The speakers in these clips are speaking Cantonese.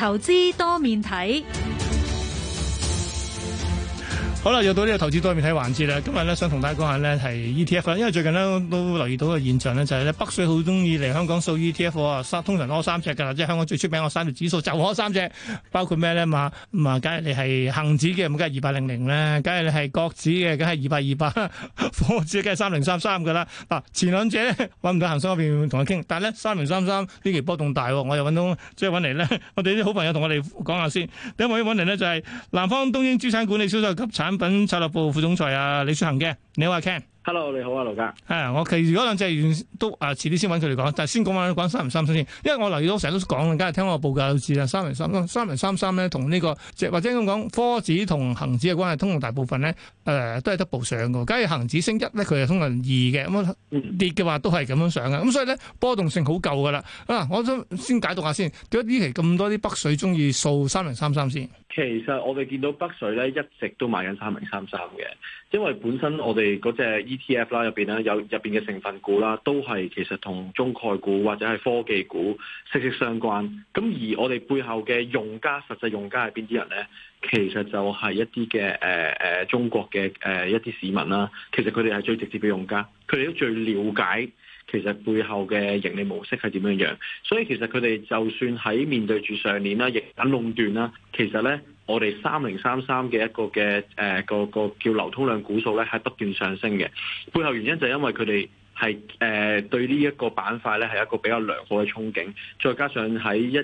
投資多面睇。好啦，又到呢個投資多面睇環節啦。今日咧，想同大家講下咧，係 E T F 啦。因為最近咧，都留意到個現象咧，就係咧，北水好中意嚟香港掃 E T F 啊。通常攞三隻噶啦，即係香港最出名個三隻指數就攞三隻，包括咩咧嘛？咁啊，假如你係恒指嘅，咁梗係二八零零啦；假如你係國指嘅，梗係二八二八，科指梗係三零三三噶啦。嗱，前兩隻揾唔到恒生嗰邊，同佢傾。但係咧，三零三三呢期波動大，我又揾到，即係揾嚟咧，我哋啲好朋友同我哋講下先。第一位揾嚟咧就係、是、南方東英資產管理銷售及產。產品策略部副總裁啊李雪恒嘅，你好，Ken。Hello 你好啊，盧家。係，我其餘嗰兩隻都啊，遲啲先揾佢哋講。但係先講翻講三零三先，因為我留意到成日都講，梗係聽我報價有事啦。三零三三，三零三三咧，同呢個即或者咁講，科指同恒指嘅關係，通常大部分咧誒都係 double 上嘅。假如恒指升一咧，佢係通常二嘅。咁跌嘅話都係咁樣上嘅。咁所以咧波動性好夠噶啦。啊，我想先解讀下先。點解呢期咁多啲北水中意掃三零三三先？其實我哋見到北水咧，一直都買緊三零三三嘅，因為本身我哋嗰隻 ETF 啦，入邊啦，有入邊嘅成分股啦，都係其實同中概股或者係科技股息息相關。咁而我哋背後嘅用家，實際用家係邊啲人咧？其實就係一啲嘅誒誒中國嘅誒一啲市民啦，其實佢哋係最直接嘅用家，佢哋都最了解其實背後嘅盈利模式係點樣樣，所以其實佢哋就算喺面對住上年啦，反壟斷啦，其實咧我哋三零三三嘅一個嘅誒個個叫流通量股數咧係不斷上升嘅，背後原因就係因為佢哋。係誒對呢一個板塊咧係一個比較良好嘅憧憬，再加上喺一誒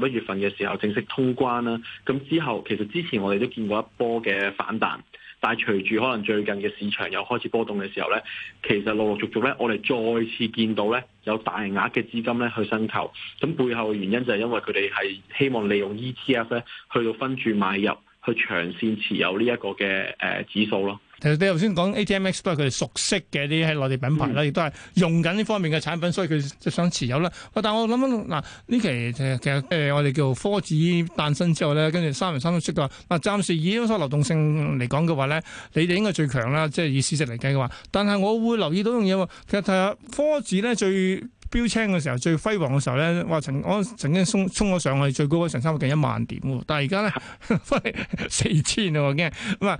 十一月份嘅時候正式通關啦，咁之後其實之前我哋都見過一波嘅反彈，但係隨住可能最近嘅市場又開始波動嘅時候咧，其實陸陸續續咧我哋再次見到咧有大額嘅資金咧去申購，咁背後嘅原因就係因為佢哋係希望利用 ETF 咧去到分注買入，去長線持有呢一個嘅誒指數咯。其實你頭先講 ATMX 都係佢哋熟悉嘅啲喺內地品牌啦，亦都係用緊呢方面嘅產品，所以佢就想持有啦。但係我諗嗱，呢期其實其實誒，我哋叫科指誕生之後咧，跟住三零三都識嘅話，嗱，暫時以呢個流動性嚟講嘅話咧，你哋應該最強啦，即係以市值嚟計嘅話。但係我會留意到樣嘢喎，其實其實科指咧最。標青嘅時候，最輝煌嘅時候咧，我曾我曾經衝衝咗上去最高成三百近一萬點嘅，但係而家咧翻嚟四千啦，我驚咁啊，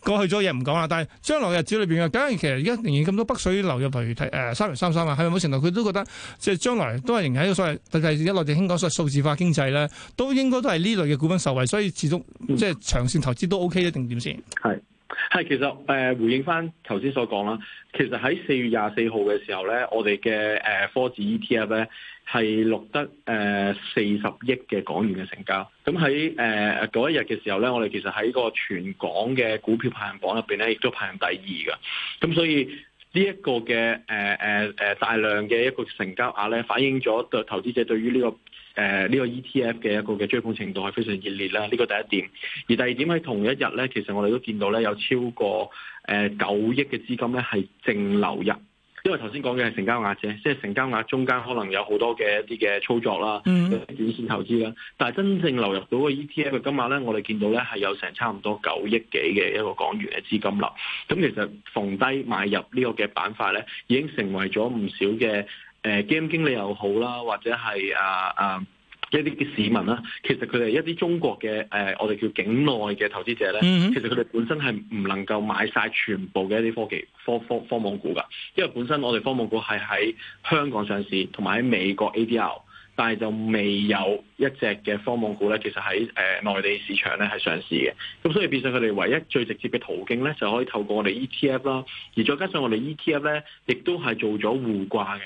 過去咗嘢唔講啦，但係將來日子裏邊啊，梗係其實而家仍然咁多北水流入嚟，譬如睇誒三零三三啊，係、呃、咪，某程度佢都覺得即係將來都係仍然喺呢個所謂特係一落地興講所謂數字化經濟咧，都應該都係呢類嘅股份受惠，所以始終即係長線投資都 O K 一定點先，係、嗯。係，其實誒、呃、回應翻頭先所講啦，其實喺四月廿四號嘅時候咧，我哋嘅誒科技 ETF 咧係錄得誒四十億嘅港元嘅成交，咁喺誒嗰一日嘅時候咧，我哋其實喺個全港嘅股票排行榜入邊咧，亦都排行第二噶，咁所以，呢一個嘅誒誒誒大量嘅一個成交額咧，反映咗對投資者對於呢個誒呢呃個 ETF 嘅一個嘅追捧程度係非常熱烈啦。呢個第一點，而第二點喺同一日咧，其實我哋都見到咧有超過誒九億嘅資金咧係淨流入。因為頭先講嘅係成交額啫，即係成交額中間可能有好多嘅一啲嘅操作啦，短線投資啦，hmm. 嗯嗯、但係真正流入到個 ETF 嘅金額咧，我哋見到咧係有成差唔多九億幾嘅一個港元嘅資金啦，咁、嗯、其實逢低買入呢個嘅板塊咧，已經成為咗唔少嘅誒、呃、基金經理又好啦，或者係啊啊。啊一啲嘅市民啦，其實佢哋一啲中國嘅誒、呃，我哋叫境內嘅投資者咧，mm hmm. 其實佢哋本身係唔能夠買晒全部嘅一啲科技科科科網股㗎，因為本身我哋科網股係喺香港上市，同埋喺美國 ADR，但係就未有一隻嘅科網股咧，其實喺誒內地市場咧係上市嘅，咁所以變成佢哋唯一最直接嘅途徑咧，就可以透過我哋 ETF 啦，而再加上我哋 ETF 咧，亦都係做咗互掛嘅。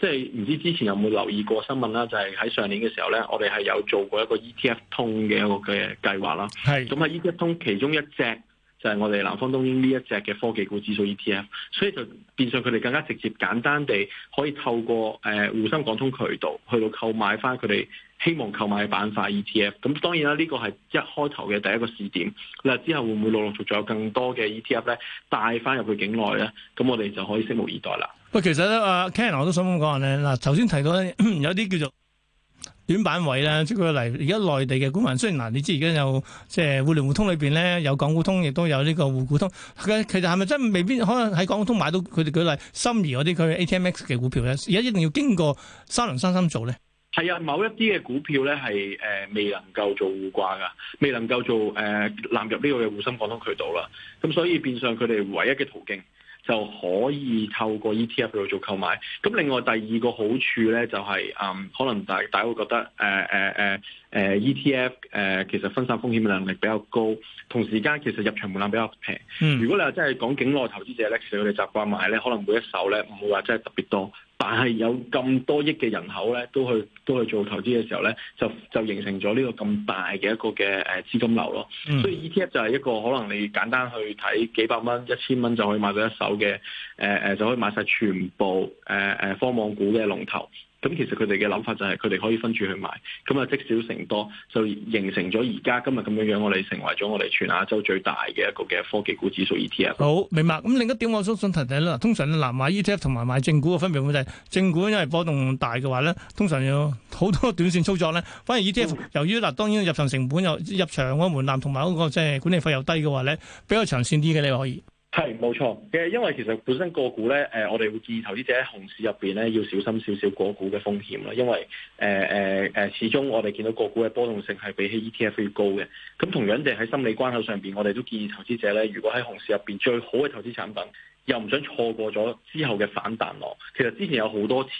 即係唔知之前有冇留意過新聞啦，就係喺上年嘅時候咧，我哋係有做過一個 ETF 通嘅一個嘅計劃啦。係是，咁啊 ETF 通其中一隻就係、是、我哋南方東英呢一隻嘅科技股指數 ETF，所以就變相佢哋更加直接簡單地可以透過誒滬、呃、深港通渠道去到購買翻佢哋希望購買嘅板塊 ETF。咁當然啦，呢、這個係一開頭嘅第一個試點，嗱之後會唔會陸陸續續有更多嘅 ETF 咧帶翻入去境內咧？咁我哋就可以拭目以待啦。喂，其實咧，阿 Ken 我都想講下咧。嗱，頭先提到有啲叫做短板位咧，即係舉例。而家內地嘅股民，雖然嗱，你知而家有即係互聯互通裏邊咧，有港股通，亦都有呢個滬股通。其實係咪真未必可能喺港股通買到佢哋舉例，心儀嗰啲佢 ATMX 嘅股票咧，而家一定要經過三零三三做咧？係啊，某一啲嘅股票咧係誒未能夠做互掛噶，未能夠做誒納、呃、入呢個滬深港通渠道啦。咁所以變相佢哋唯一嘅途徑。就可以透過 ETF 喺度做購買。咁另外第二個好處咧，就係、誒、嗯，可能大大家會覺得誒誒誒。呃呃呃誒、uh, ETF 誒、uh, 其實分散風險嘅能力比較高，同時間其實入場門檻比較平。嗯，如果你話真係講境內投資者咧，其實佢哋習慣買咧，可能每一手咧唔會話真係特別多，但係有咁多億嘅人口咧都去都去做投資嘅時候咧，就就形成咗呢個咁大嘅一個嘅誒資金流咯。嗯、所以 ETF 就係一個可能你簡單去睇幾百蚊、一千蚊就可以買到一手嘅誒誒，就可以買晒全部誒誒、呃、科網股嘅龍頭。咁其實佢哋嘅諗法就係佢哋可以分注去買，咁啊積少成多，就形成咗而家今日咁樣樣，我哋成為咗我哋全亞洲最大嘅一個嘅科技股指數 ETF。好，明白。咁另一點，我相信提提啦。通常南買 ETF 同埋買正股嘅分別咁就係，正股因為波動大嘅話咧，通常有好多短線操作咧。反而 ETF 由於嗱、嗯、當然入場成本又入場嗰個門檻同埋嗰個即係管理費又低嘅話咧，比較長線啲嘅你可以。係冇錯嘅，因為其實本身個股咧，誒、呃，我哋會建議投資者喺熊市入邊咧，要小心少少個股嘅風險啦。因為誒誒誒，始終我哋見到個股嘅波動性係比起 ETF 要高嘅。咁同樣地喺心理關口上邊，我哋都建議投資者咧，如果喺熊市入邊最好嘅投資產品，又唔想錯過咗之後嘅反彈浪，其實之前有好多次。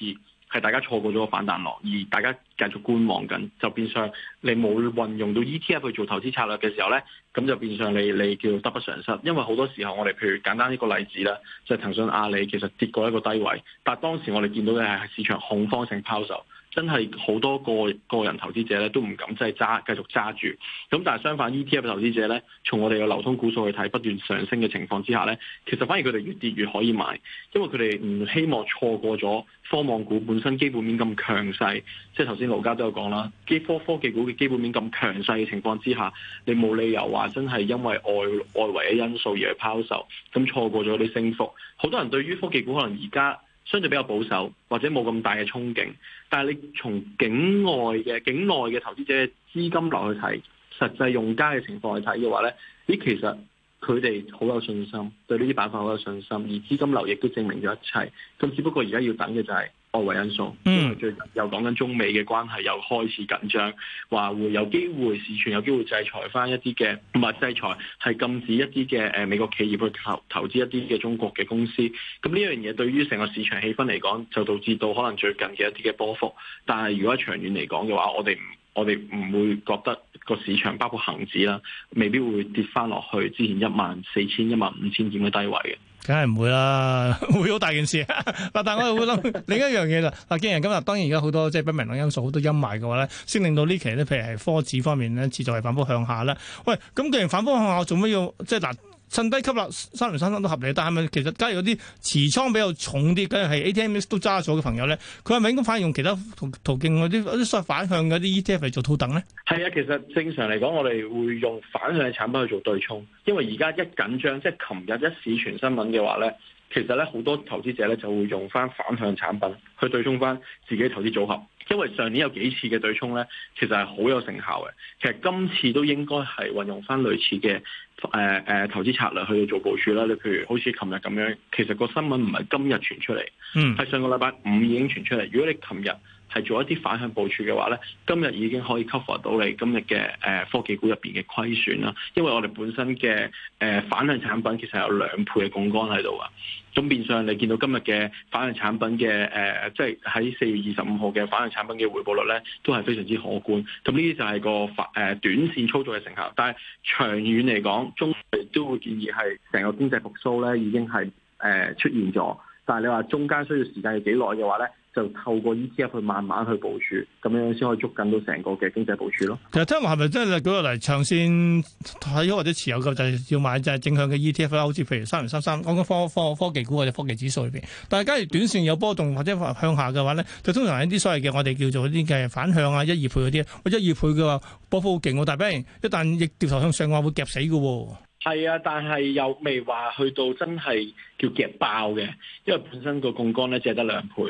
係大家錯過咗個反彈落，而大家繼續觀望緊，就變相你冇運用到 ETF 去做投資策略嘅時候呢，咁就變相你你叫得不償失，因為好多時候我哋譬如簡單一個例子啦，就係騰訊、阿里其實跌過一個低位，但係當時我哋見到嘅係市場恐慌性拋售。真係好多個個人投資者咧，都唔敢真係揸繼續揸住。咁但係相反 ，ETF 投資者咧，從我哋嘅流通股數去睇，不斷上升嘅情況之下咧，其實反而佢哋越跌越可以買，因為佢哋唔希望錯過咗科網股本身基本面咁強勢。即係頭先盧家都有講啦，基科科技股嘅基本面咁強勢嘅情況之下，你冇理由話真係因為外外圍嘅因素而去拋售，咁錯過咗啲升幅。好多人對於科技股可能而家。相對比較保守，或者冇咁大嘅憧憬。但係你從境外嘅、境內嘅投資者資金落去睇，實際用家嘅情況去睇嘅話呢咦，其實佢哋好有信心，對呢啲板塊好有信心，而資金流亦都證明咗一切。咁只不過而家要等嘅就係。外圍因素，因為最近又講緊中美嘅關係又開始緊張，話會有機會市場有機會制裁翻一啲嘅，唔係制裁係禁止一啲嘅誒美國企業去投投資一啲嘅中國嘅公司。咁呢樣嘢對於成個市場氣氛嚟講，就導致到可能最近嘅一啲嘅波幅。但係如果係長遠嚟講嘅話，我哋我哋唔會覺得個市場包括恒指啦，未必會跌翻落去之前一萬四千、一萬五千點嘅低位嘅。梗係唔會啦，會好大件事。嗱，但係我又會諗另一樣嘢就，嗱， 既然今日當然而家好多即係不明朗因素，好多陰霾嘅話咧，先令到呢期咧，譬如係科指方面咧，持續係反覆向下啦。喂，咁既然反覆向下，做乜要即係嗱？趁低吸納三零三三都合理，但係咪其實假如啲持倉比較重啲，梗係 ATMX 都揸咗嘅朋友咧，佢係咪應該反而用其他途途徑嗰啲啲相反向嘅啲 ETF 嚟做套戥咧？係啊，其實正常嚟講，我哋會用反向產品去做對沖，因為而家一緊張，即係琴日一市傳新聞嘅話咧。其實咧，好多投資者咧就會用返反向產品去對沖返自己投資組合，因為上年有幾次嘅對沖咧，其實係好有成效嘅。其實今次都應該係運用返類似嘅誒誒投資策略去做部署啦。你譬如好似琴日咁樣，其實個新聞唔係今日傳出嚟，嗯，係上個禮拜五已經傳出嚟。如果你琴日，係做一啲反向部署嘅話咧，今日已經可以 cover 到你今日嘅誒科技股入邊嘅虧損啦。因為我哋本身嘅誒反向產品其實有兩倍嘅槓桿喺度啊。咁變相你見到今日嘅反向產品嘅誒，即係喺四月二十五號嘅反向產品嘅回報率咧，都係非常之可觀。咁呢啲就係個反誒短線操作嘅成效。但係長遠嚟講，中期都會建議係成個經濟復甦咧已經係誒出現咗。但係你話中間需要時間要幾耐嘅話咧？就透過 E T F 去慢慢去部署，咁樣先可以捉緊到成個嘅經濟部署咯。其實聽話係咪真係舉落嚟長線睇好或者持有嘅就係、是、要買就係正向嘅 E T F 啦。好似譬如三零三三講緊科科技股或者科技指數裏邊，但係假如短線有波動或者向下嘅話咧，就通常係一啲所謂嘅我哋叫做啲嘅反向啊，一二倍嗰啲，或者一二倍嘅話波幅好勁喎，但係不人一旦逆調頭向上嘅話，會夾死嘅喎、啊。係啊，但係又未話去到真係叫夾爆嘅，因為本身個槓桿咧只係得兩倍。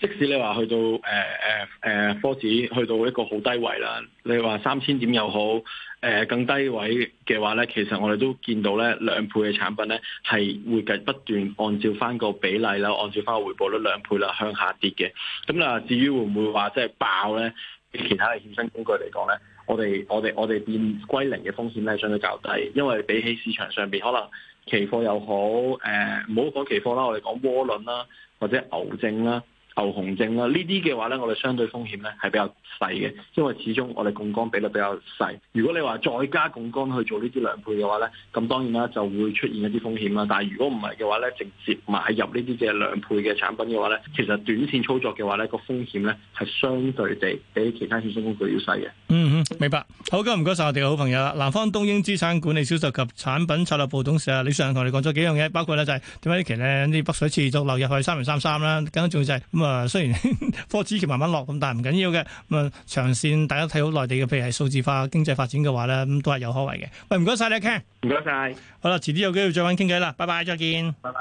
即使你話去到誒誒誒，科、呃、指、呃、去到一個好低位啦，你話三千點又好，誒、呃、更低位嘅話咧，其實我哋都見到咧，兩倍嘅產品咧係會繼續不斷按照翻個比例啦，按照翻個回報率兩倍啦向下跌嘅。咁啊，至於會唔會話即係爆咧？以其他嘅衍生工具嚟講咧。我哋我哋我哋變歸零嘅風險咧，相對較低，因為比起市場上邊可能期貨又好，誒唔好講期貨啦，我哋講窩輪啦，或者牛證啦。投紅證啦，呢啲嘅話咧，我哋相對風險咧係比較細嘅，因為始終我哋槓桿比率比較細。如果你話再加槓桿去做呢啲兩倍嘅話咧，咁當然啦就會出現一啲風險啦。但係如果唔係嘅話咧，直接買入呢啲嘅兩倍嘅產品嘅話咧，其實短線操作嘅話咧，個風險咧係相對地比其他衍生工具要細嘅。嗯嗯，明白。好嘅，唔該晒我哋嘅好朋友啦，南方東英資產管理銷售及產品策略部董事李雪恒同你講咗幾樣嘢，包括咧就係點解呢期呢啲北水持續流入去三零三三啦，更加重要就係、是誒，雖然科指件慢慢落咁，但係唔緊要嘅。咁啊，長線大家睇好內地嘅，譬如係數字化經濟發展嘅話咧，咁都係有可為嘅。喂，唔該晒你，Ken，唔該晒。謝謝好啦，遲啲有機會再搵傾偈啦，拜拜，再見，拜拜。